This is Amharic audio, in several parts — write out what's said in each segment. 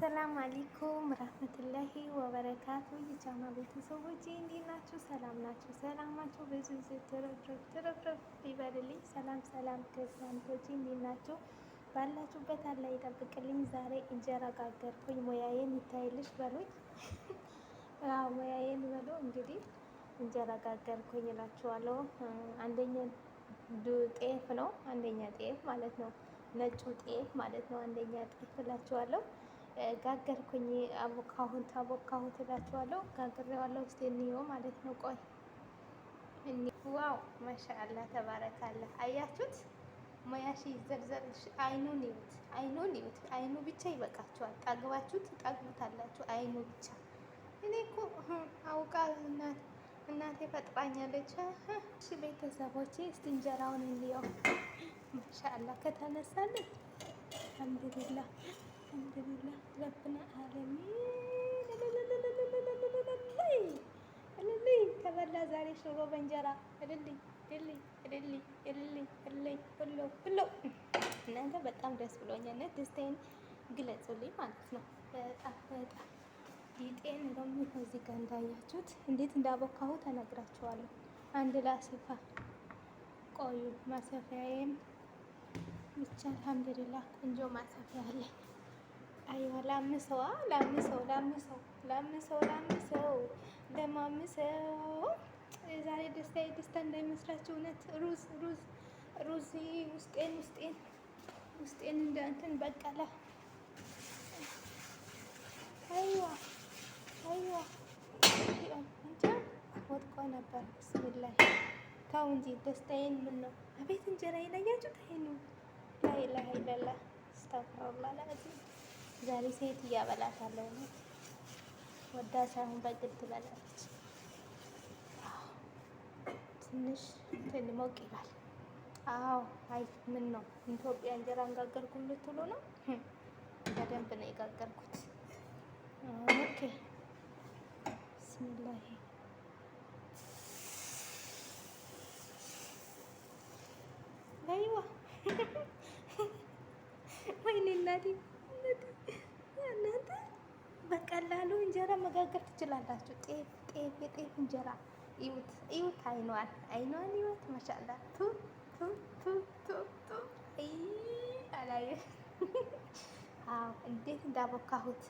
አሰላም አለይኩም ረህመቱላሂ ወበረካቱ የጫማ ቤተሰቦች እንዴት ናችሁ? ሰላም ናችሁ? ሰላማችሁ ብዙ ትርፍርፍ ይበልልኝ። ሰላም ሰላም ክርስቲያኖች እንዴት ናችሁ? ባላችሁበት አላህ ይጠብቅልኝ። ዛሬ እንጀራ ጋገርኩኝ። ሙያዬን ይታይልሽ በሉኝ። ሙያዬን በሉ እንግዲህ እንጀራ ጋገርኩኝ እላችኋለሁ። አንደኛ ጤፍ ነው፣ አንደኛ ጤፍ ማለት ነው፣ ነጩ ጤፍ ማለት ነው። አንደኛ ጤፍ እላችኋለሁ ጋገርኩኝ። አቦካሁት አቦካሁት እላችኋለሁ። ጋግሬዋለሁ። ውስጥ እንየው ማለት ነው። ቆይ ዋው! ማሻአላ ተባረካለ። አያችሁት? ሙያሽ ይዘርዘርሽ። አይኑን ይዩት፣ አይኑን ይዩት። አይኑ ብቻ ይበቃችኋል። ጠግባችሁት ትጠግቡታላችሁ። አይኑ ብቻ እኔ እኮ አውቃ እናቴ ፈጥራኛለች። እሺ ቤተሰቦቼ፣ እስቲ እንጀራውን እንየው። ማሻአላ ከተነሳልኝ አልሐምዱሊላህ አልሐምዱሊላህ ረብና አለሚን እልልይ ተበላ ዛሬ ሽሮ በእንጀራ እልልይ እልልይ እልልይ እልልይ እልልይ እለው እለው። እናንተ በጣም ደስ ብሎኛል። ነት ደስታዬን ግለጹልኝ ማለት ነው። በጣም በጣም ጌጤን ደግሞ ከዚህ ጋር እንዳያችሁት እንዴት እንዳቦካሁ ተነግራችኋለሁ። አንድ ላስፋ ቆዩ ማሰፊያዬን ብቻ አልሐምዱሊላህ ቆንጆ ማሰፊያ አለኝ። አይዋ ላምሰው ላምሰው ላምሰው ላምሰው ላምሰው ደማምሰው። ዛሬ ደስታዬ ደስታ እንዳይመስላችሁ እውነት ሩዝ ሩዝ ሩዝ ውስጤን ውስጤን ውስጤን እንደ እንትን በቀለ። አይዋ አይዋ እንጃ ወድቆ ነበር። ብስሚላይ ተው እንጂ ደስታዬን ምን ነው? አቤት እንጀራዬን አያችሁት? አይኑ ላይ ላይ ለላ አስተፍረላ ላዚ ዛሬ ሴት እያበላታለሁ ነው ወዳ ሳይሆን በግድ ትበላለች። ትንሽ ሞቅ ይላል። አዎ አይ ምን ነው ኢትዮጵያ እንጀራ እንጋገርኩ ልትሉ ነው? በደንብ ነው የጋገርኩት። ኦኬ ብስሚላሂ አይዋ ወይኔ እናቴ በቀላሉ እንጀራ መጋገር ትችላላችሁ። ጤፍ ጤፍ የጤፍ እንጀራ እዩት እዩት፣ አይኗን አይኗን ማሻላ ቱ ቱ ቱ ቱ ቱ አላየ አዎ፣ እንዴት እንዳቦካሁት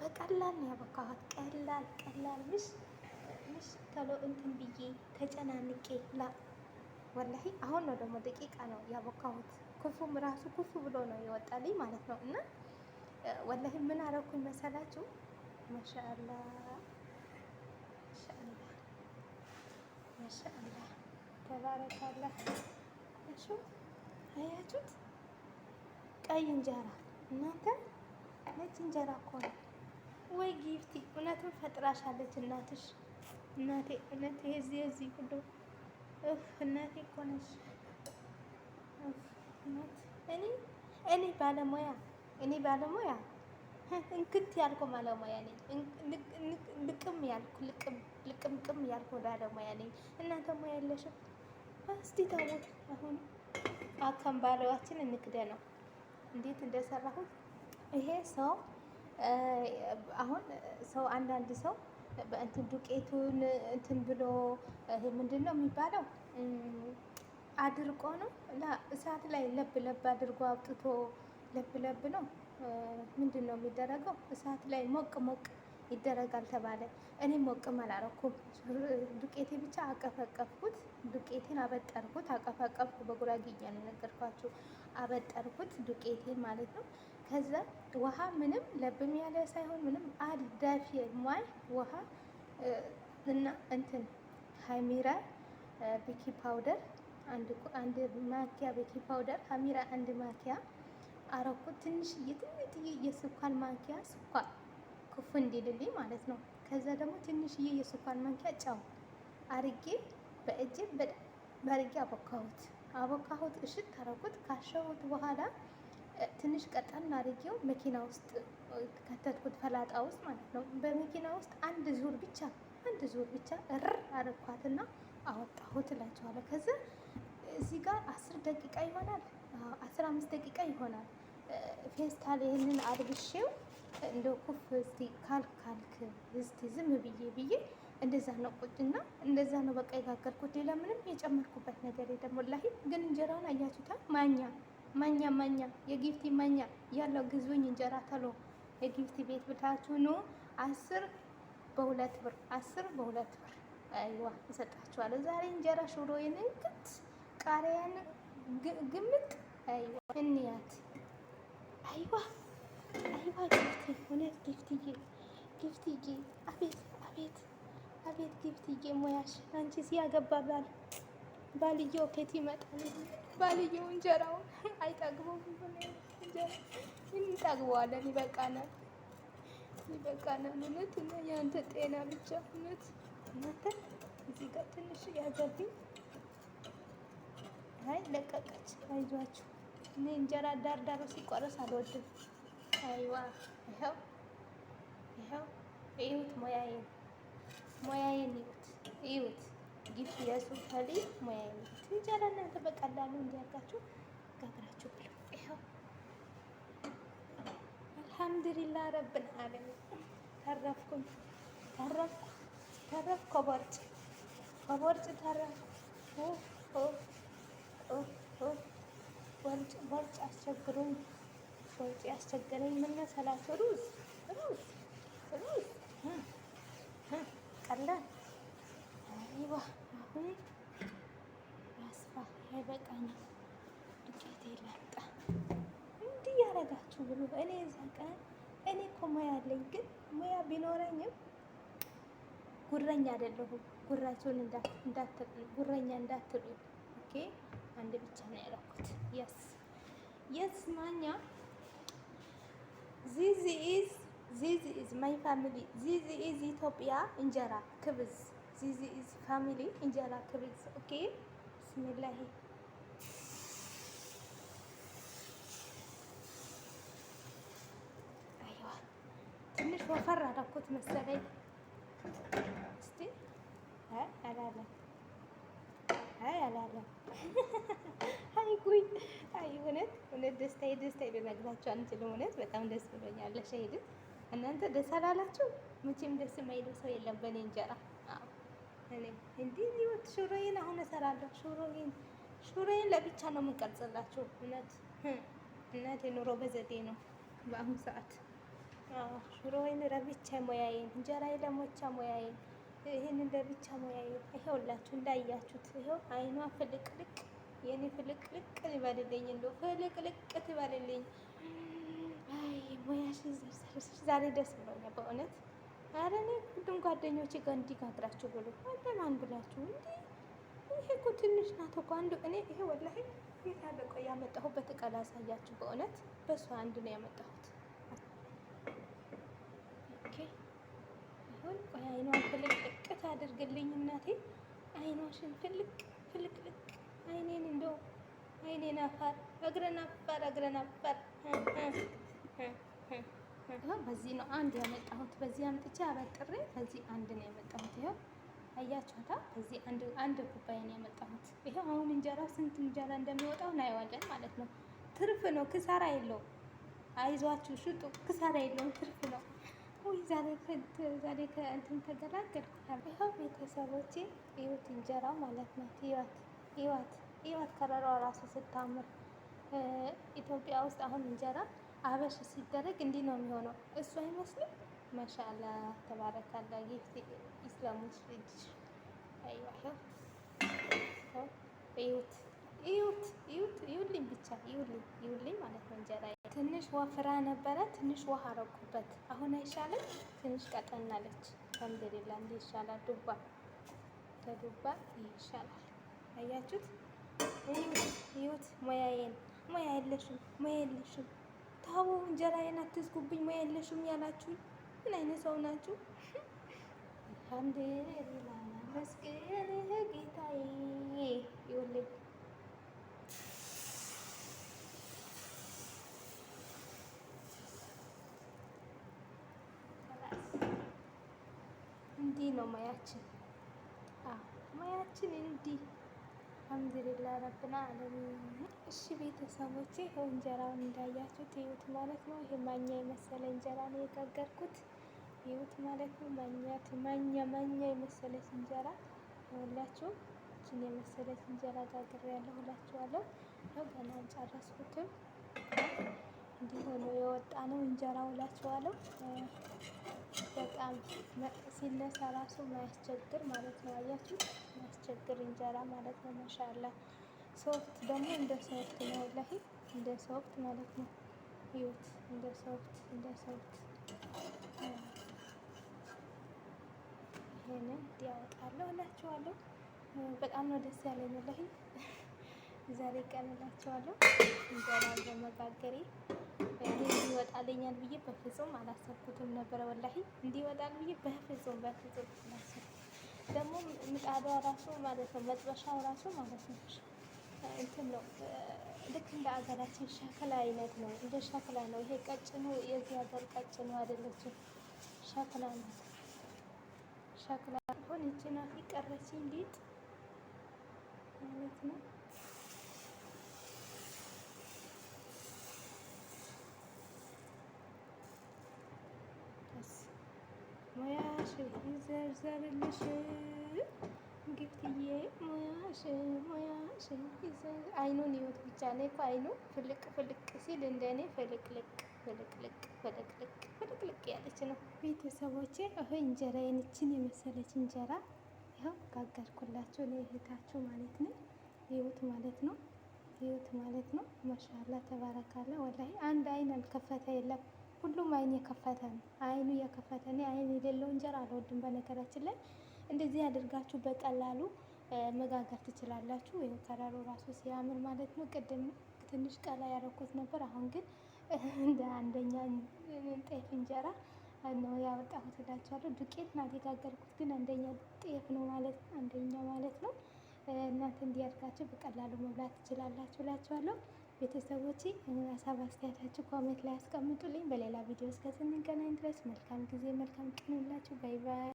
በቀላል ነው ያቦካሁት። ቀላል ቀላል ምሽ ምሽ ተሎ እንትን ብዬ ተጨናንቄ ላ ወላሂ አሁን ነው ደግሞ ደቂቃ ነው ያቦካሁት። ኩፉም ራሱ ኩፉ ብሎ ነው የወጣልኝ ማለት ነው እና ወላሂ ምን አረኩኝ መሰላችሁ? ማሻአላ ማሻአላ ተባረካላ። እሺ አያችሁት? ቀይ እንጀራ እናንተ ነጭ እንጀራ እኮ ነው። ወይ ጊፍቲ እውነትም ፈጥራሻለች እናትሽ። እናቴ እውነት የዚህ የዚህ ሁሉ እናቴ እኮ ነሽ። እኔ እኔ ባለሙያ እኔ ባለሙያ እንክት ያልኩ ባለሙያ ነኝ። ልቅም ያልኩ ልቅም ልቅምቅም ያልኩ ባለሙያ ነኝ። እናንተ ሙያ የለሽም። እስቲ ታቦት አሁን ባለዋችን እንክደ ነው እንዴት እንደሰራሁት ይሄ ሰው አሁን ሰው አንዳንድ ሰው በእንትን ዱቄቱን እንትን ብሎ ይሄ ምንድን ነው የሚባለው? አድርቆ ነው እሳት ላይ ለብ ለብ አድርጎ አውጥቶ ለብ ለብ ነው ምንድን ነው የሚደረገው? እሳት ላይ ሞቅ ሞቅ ይደረጋል ተባለ። እኔ ሞቅም አላረኩም። ዱቄቴ ብቻ አቀፈቀፍኩት። ዱቄቴን አበጠርኩት፣ አቀፈቀፍኩ። በጉራጌኛ ነው የነገርኳችሁ። አበጠርኩት ዱቄቴን ማለት ነው። ከዛ ውሃ ምንም ለብም ያለ ሳይሆን ምንም አዳፊ የማይ ውሃ እና እንትን ሀሚራ ቤኪ ፓውደር አንድ ማኪያ ቤኪ ፓውደር ሀሚራ አንድ ማንኪያ አረኩ ትንሽዬ ትንሽዬ የስኳር ማንኪያ ስኳር ክፉ እንዲልልኝ ማለት ነው። ከዛ ደግሞ ትንሽዬ የስኳር ማንኪያ ጨው አርጌ በእጄ በርጌ አቦካሁት አቦካሁት እሽት አረኩት። ካሸሁት በኋላ ትንሽ ቀጠን አርጌው መኪና ውስጥ ከተትኩት፣ ፈላጣ ውስጥ ማለት ነው። በመኪና ውስጥ አንድ ዙር ብቻ አንድ ዙር ብቻ እር አረኳትና አወጣሁት እላቸዋለሁ። ከዛ እዚህ ጋር አስር ደቂቃ ይሆናል አስራ አምስት ደቂቃ ይሆናል ፌስታል ይህንን አልብሼው እንደ ኩፍ እስቲ ካልክ እስቲ ዝም ብዬ ብዬ እንደዛ ነው ቁጭና እንደዛ ነው በቃ የጋገርኩት። ሌላ ምንም የጨመርኩበት ነገር የለም። ወላሂ ግን እንጀራውን አያችሁታ። ማኛ ማኛ ማኛ የጊፍቲ ማኛ ያለው ግዙኝ እንጀራ ተሎ የጊፍቲ ቤት ብታችሁ ኑ። አስር በሁለት ብር አስር በሁለት ብር አይዋ እሰጣችኋለሁ። ዛሬ እንጀራ ሽሮዬን እንክት ቃሪያን ግምጥ አይዋ እንያት አይዋ አይዋ ጊፍትዬ፣ እውነት ጊፍትዬ፣ ጊፍትዬ፣ አቤት አቤት አቤት ጊፍትዬ ሙያሽ አንቺስ ያገባ ባል ባልየው ከየት ይመጣል? ባልየው እንጀራውን አይጠግበውም። እንጠግበዋለን። ይበቃናል፣ ይበቃናል። እውነት እና የአንተ ጤና ብቻ እውነት። እናንተ እዚህ ጋር ትንሽ ያዘብኝ። አይ ለቀቀች። አይዟችሁ እኔ እንጀራ ዳር ዳሩ ሲቆረስ አልወድም። አይዋ ይኸው ይኸው እዩት፣ ሙያዬን ሙያዬን እዩት፣ እዩት ጊፍ የሱፍ ፈሊ ሙያዬን እዩት። እንጀራ እናንተ በቀላሉ እንዲያርጋችሁ ጋግራችሁ ብሎ ይኸው አልሐምዱሊላህ ረብል ዓለሚን ተረፍኩኝ፣ ተረፍኩ፣ ተረፍ ከቦርጭ ከቦርጭ ተረፍኩ ቦርጭ ቦርጭ አስቸግሮኝ ቦርጭ ያስቸገረኝ ምን መሰላችሁ? ሩዝ ሩዝ ሩዝ ቀላል አይዋ አሁን ያስፋ አይበቃኝም፣ ዱቄቴ ላጣ እንዲህ ያደረጋችሁ ብሎ እኔ እዛ ቀን እኔ እኮ ሙያ አለኝ፣ ግን ሙያ ቢኖረኝም ጉረኛ አይደለሁም። ጉራቸውን ጉረኛ እንዳትሉ ኦኬ። አንድ ብቻ ነው ያደረኩት። የስማኛ ዚዚ ኢዝ ዚዚ ኢዝ ማይ ፋሚሊ ዚዚ ኢዝ ኢትዮጵያ እንጀራ ክብዝ ዚዚ ኢዝ ፋሚሊ እንጀራ ክብዝ። ኦኬ ብስሚላሂ አይዋ ትንሽ ወፈር አደረኩት መሰለኝ። እስቲ አይ አላለም አይ አላለም አልኩኝ። አይ እውነት እውነት ደስታዬ ደስታዬ ልነግራችሁ አንችልም። እውነት በጣም ደስ ብሎኛል። ሸሂድ እናንተ ደስ አላላችሁ? መቼም ደስ የማይለው ሰው የለም በእኔ እንጀራ። እኔ እንዲህ ሊወት ሹሮዬን አሁን እሰራለሁ። ሹሮዬን ሹሮዬን ለብቻ ነው የምንቀርጽላችሁ። እውነት እናቴ ኑሮ በዘዴ ነው በአሁኑ ሰዓት። ሹሮዬን ለብቻ ሙያዬን፣ እንጀራዬን ለሞቻ ሙያዬን፣ ይህንን ለብቻ ሙያዬን። ይሄውላችሁ እንዳያችሁት፣ ይሄው አይኗ ፍልቅልቅ የኔ ፍልቅልቅ ይበልልኝ፣ እንደው ፍልቅልቅ ትበልልኝ። አይ ሙያሽን ዛሬ ደስ ብሎኛል በእውነት። ኧረ እኔ ሁሉም ጓደኞቼ ጋር እንዲጋግራችሁ ብሎ ለማን ብላችሁ እንዲ ይሄ እኮ ትንሽ ናት እኮ አንዱ እኔ ይሄ ወላሂ የታለቀ ያመጣሁበት እቃ ላሳያችሁ በእውነት በእሱ አንድ ነው ያመጣሁት። ይሁን ቆይ አይኗን ፍልቅልቅ ታድርግልኝ እናቴ፣ አይኗሽን ፍልቅ ፍልቅልቅ አይኔን እንደው አይኔን አፋር እግረን አፋር እግረን አፋር ይኸው በዚህ ነው አንድ ያመጣሁት። በዚህ አምጥቼ አበጥሬ በዚህ አንድ ነው ያመጣሁት። ይኸው አያችሁታ። በዚህ አንድ አንድ ኩባያ ነው ያመጣሁት። ይኸው አሁን እንጀራ ስንት እንጀራ እንደሚወጣው እናየዋለን ማለት ነው። ትርፍ ነው፣ ክሳራ የለውም። አይዟችሁ ሽጡ፣ ክሳራ የለውም፣ ትርፍ ነው። ውይ ዛሬ ዛሬ ከእንትን ተገላገልኩ። ይኸው ቤተሰቦቼ ይኸው እንጀራ ማለት ነው። ይኸው እዩዋት እዩዋት ከለሯ ራሱ ስታምር ኢትዮጵያ ውስጥ አሁን እንጀራ አበሽ ሲደረግ እንዲህ ነው የሚሆነው። እሱ አይመስልም? ማሻአላ ተባረካላ። ኢስላሞች ልጅ እዩት እዩት እዩት እዩልኝ ብቻ እዩልኝ እዩልኝ ማለት ነው። እንጀራ ትንሽ ወፍራ ነበረ፣ ትንሽ ውሃ አረኩበት። አሁን አይሻልም? ትንሽ ቀጠናለች። አልሐምዱሊላህ እንዲህ ይሻላል። ዱባ ከዱባ ይሻላል። አያችሁት? ይሁት ሙያዬን ሙያ የለሽም ሙያ የለሽም ታቦ እንጀራዬን አትዝጉብኝ ሙያ የለሽም ያላችሁኝ ምን አይነት ሰው ናችሁ? አልሐምዱሊላ መስገን ጌታዬ ይኸውልኝ እንዲህ ነው ማያችን ሙያችን እንዲህ አልሐምዱሊላህ ረብና አለሚን። እሺ ቤተሰቦቼ እንጀራውን እንዳያችሁት ይዩት ማለት ነው። ይሄ ማኛ የመሰለ እንጀራ ነው የጋገርኩት። ይዩት ማለት ነው። ማኛት ማኛ ማኛ የመሰለች እንጀራ ሁላችሁ ይችን የመሰለች እንጀራ ጋግር ያለው ሁላችኋለሁ። ያው ገና አልጨረስኩትም። እንዲህ ሆኖ የወጣ ነው እንጀራ ሁላችኋለሁ። በጣም ሲነሳ ራሱ ማያስቸግር ማለት ነው። አያችሁ የሚያስቸግር እንጀራ ማለት ነው። ማሻላ ሶፍት ደግሞ እንደ ሶፍት ነው፣ ወላሂ እንደ ሶፍት ማለት ነው። ይወት እንደ ሶፍት እንደ ሶፍት ይህንን ያወጣለሁ እላችኋለሁ። በጣም ነው ደስ ያለኝ ወላሂ ዛሬ ቀን እላችኋለሁ። እንጀራ በመጋገሬ እንዲህ ብዬ በፍጹም አላሰብኩትም ነበረ ወላሂ እንዲወጣል ብዬ በፍጹም በፍጹም አላሰብኩትም። ደግሞ ምጣዷ ራሱ ማለት ነው መጥበሻው ራሱ ማለት ነው እንትን ነው ልክ እንደ አገራችን ሸክላ አይነት ነው። እንደ ሸክላ ነው። ይሄ ቀጭኑ የዚህ ሀገር ቀጭኑ አይደለችም፣ ሸክላ ነው። ሸክላ ሆን ይችናት ቀረች ሊጥ ማለት ነው። ሙያሽ ይዘርዘርልሽ ግብትዬ ሙያሽ ሙያሽ አይኑን ይወት ብቻ ነው እኮ አይኑ ፍልቅ ፍልቅ ሲል እንደኔ ፍልቅልቅ ፍልቅልቅ ፍልቅልቅ ፍልቅልቅ ያለች ነው። ቤተሰቦቼ ይሄ እንጀራዬን ይችን የመሰለች እንጀራ ይኸው ጋገርኩላችሁ ለእህታችሁ ማለት ነው። ይወት ማለት ነው። ይወት ማለት ነው። ማሻላ ተባረካላ። ወላሂ አንድ አይን አልከፈተ የለም ሁሉም አይን የከፈተ ነው። አይኑ የከፈተ እኔ አይን የሌለው እንጀራ አልወድም። በነገራችን ላይ እንደዚህ አድርጋችሁ በቀላሉ መጋገር ትችላላችሁ። ወይም ከለሩ ራሱ ሲያምር ማለት ነው። ቅድም ትንሽ ቀላ ያደረኩት ነበር። አሁን ግን እንደ አንደኛ ጤፍ እንጀራ ነው ያወጣሁት እላችኋለሁ። ዱቄት ነው የጋገርኩት፣ ግን አንደኛ ጤፍ ነው ማለት አንደኛ ማለት ነው። እናንተ እንዲያድጋችሁ በቀላሉ መብላት ትችላላችሁ እላችኋለሁ። እኔ ሀሳብ አስተያየታችሁ ኮሜንት ላይ አስቀምጡልኝ። በሌላ ቪዲዮ እስከ ስንገናኝ ድረስ መልካም ጊዜ፣ መልካም ቀን ይላችሁ። ባይ ባይ።